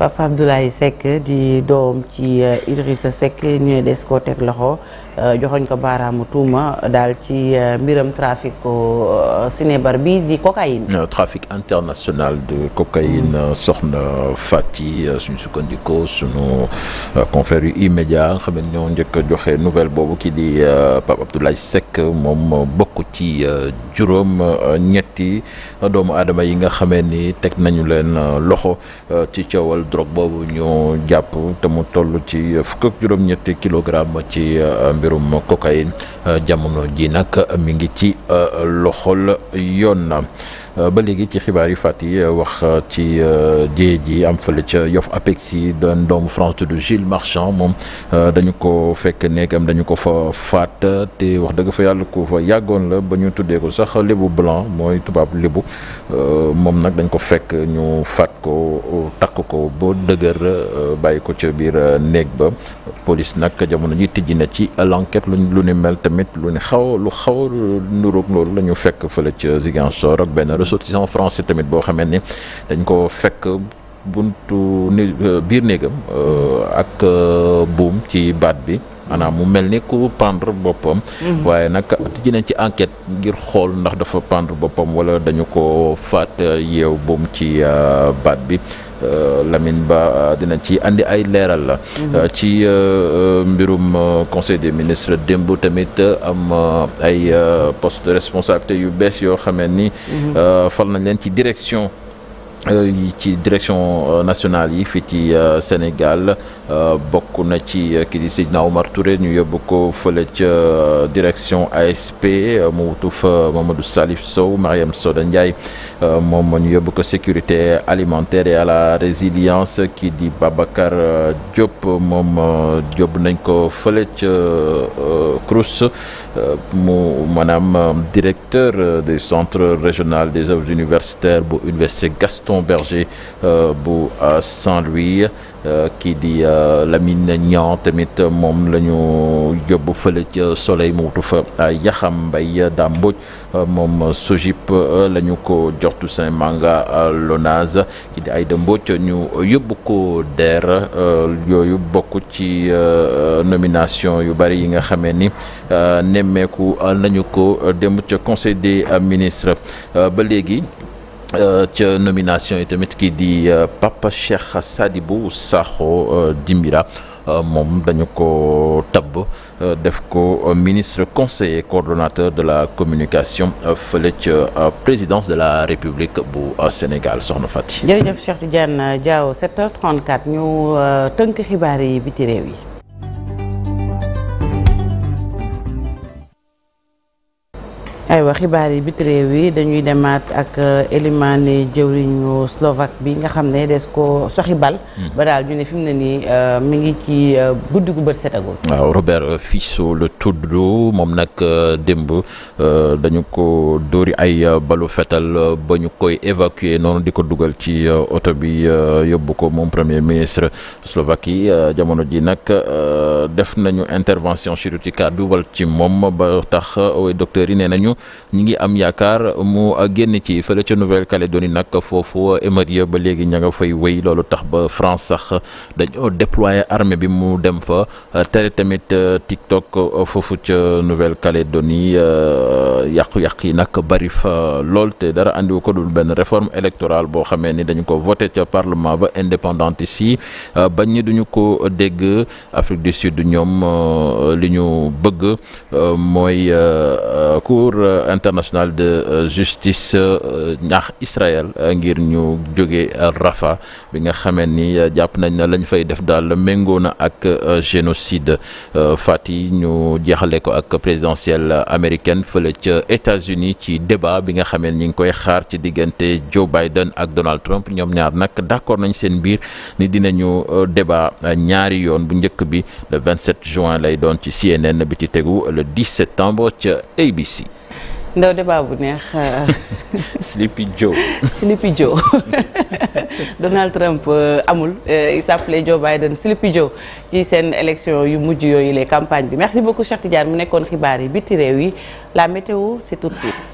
Papa Abdoulaye Seck di doom ci eh, Idrissa Seck ñu des ko teg loxo eh, joxoñ ko baaraamu tuuma daal ci eh, mbiram trafic sinébar bi di cocaïne. Euh, trafic international de cocaïne euh, soxna Fati euh, suñu sukkandikoo suñu confrère yu immédiat xam ne ñoo njëkk joxe nouvelle boobu kii di Pape Abdoulaye Seck moom bokk ci juróom ñetti doomu aadama yi nga xamee ni teg nañu leen loxo ci coowal. drogue boobu ñu jàpp te mu toll ci fukk ak juróom-ñetti kilogramme ci euh, mbirum cocaïne euh, jamono ji nag mi ngi ci euh, loxol yoon. Euh, ba léegi ci xibaar yi fàtt yi euh, wax euh, ci jéye ji am fële ca yof apexi doon doomu France tudd Gilles Marchand moom dañu ko fekk néegam dañu ko fa faat te wax dëgg fa yàlla ko fa yàggoon la ba ñu tuddee ko sax lébu blanc mooy tubaab lébu moom nag dañ ko fekk ñu faat ko takk ko ba dëgër bàyyi ko ca biir néeg ba police nag jamono ji tijji na ci l'enquête lu lu ni mel tamit lu ni xaw lu xaw nuróog loolu la fekk fële ca Ziguinchor ak benn ressortissant français tamit boo xamee ni dañ ko fekk buntu ni euh, biir néegam euh, ak euh, buum ci baat bi maanaam mu mel ni ku pendre boppam mhm. waaye nag tijji ci enquête ngir xool ndax dafa pendre boppam wala dañu ko faat yeew buum ci baat bi Euh, Lamine Ba euh, dina ci indi ay leeral. Mhm. Euh, ci mbirum conseil des ministres démb tamit am ay poste de responsabilité yu bees yoo xamee ni. Mhm. fal nañ leen ci direction. Euh, ci direction euh, nationale yi fii ci euh, Sénégal bokk na ci ki di Seydina Omar Touré ñu yóbbu ko fële ca direction ASP mu wutu fa Salif Sow Mariam Soda Ndiaye moom ñu ko sécurité alimentaire et à la résilience ki di Babacar Diop moom yóbbu nañ ko fële ca CROUS mu maanaam directeur du centre régional des œuvres universitaires bu université Gaston Gaston Berger euh, bu euh, Saint-Louis euh, kii di Lamine Niang tamit moom la ñu yóbbu fële ca Soleil mu wutu fa Yaxam Mbaye Dame Mbodj moom Sojip la ñu ko jox Toussaint Manga Lonase kii di Aïda Mbodj ñu yóbbu ko DER yooyu bokk ci nomination yu bari yi nga xamee ni nemmeeku nañu ko démb ca conseil des ministre ba léegi Euh, ca nomination yi tamit kii di euh, Papa Cheikh Sadibou Sakho euh, Dimbira moom dañu ko tabb def ko ministre conseiller coordonnateur de la communication fële ca présidence de la république bu Sénégal soxna Fati. jërëjëf Cheikh Tidiane Diaw 7h34 ñu tënk xibaar yi biti réew yi. ay aywa xibaar yi biti réew yi dañuy demaat ak Elimane euh, jëwriñu Slovaque bi nga xam ne des ko soxi bal hmm. ba daal ñu ne fi mu ne nii euh, mi ngi ci euh, guddi gu bët setagul waaw Robert Fico le tudd moom nag démb dañu ko dóori ay balu fetal ba ñu koy évacuer noonu di ko dugal ci oto bi yóbbu ko moom premier ministre Slovaquie jamono ji nag def nañu intervention chirurgicale bi wal ci moom ba tax way docteur yi nee nañu ñi ngi am yaakaar mu génn ci fële ca Nouvelle-Calédonie nag foofu émeutes ba léegi ña nga fay wéy loolu tax ba France sax dañoo déployer armée bi mu dem fa tere tamit TikTok foofu ca Nouvelle-Calédonie euh, yàqu-yàq yi nag bari fa lool te dara andiwu ko dul benn réforme électorale boo xamee ni dañu ko voté ca parlement ba indépendante yi bañ ni duñu ko dégg Afrique du Sud ñoom euh, li ñu bëgg euh, mooy cour Euh, internationale de euh, justice euh, ñaax Israël ngir ñu jóge Rafa bi nga xamee ni jàpp nañ na lañ fay def daal méngoo na ak génocide Fati ñu jeexale ko ak présidentielle américaine fële ca États-Unis ci débat bi nga xamee ni ñu ngi koy xaar ci diggante Joe Biden ak Donald Trump ñoom ñaar nag d'accord nañ seen biir ni dinañu débat ñaari yoon bu njëkk bi le 27 juin lay doon ci CNN bi ci tegu le 10 septembre ca ABC ndaw débat bu neex. Euh, Sleepy Joe. Sleepy Joe Donald Trump euh, amul euh, il s'appelait Joe Biden Sleepy Joe ci seen élection yu mujj yooyu les campagne bi merci beaucoup Cheikh Tidiane mu nekkoon xibaar yi biti réew yi la météo c'est tout de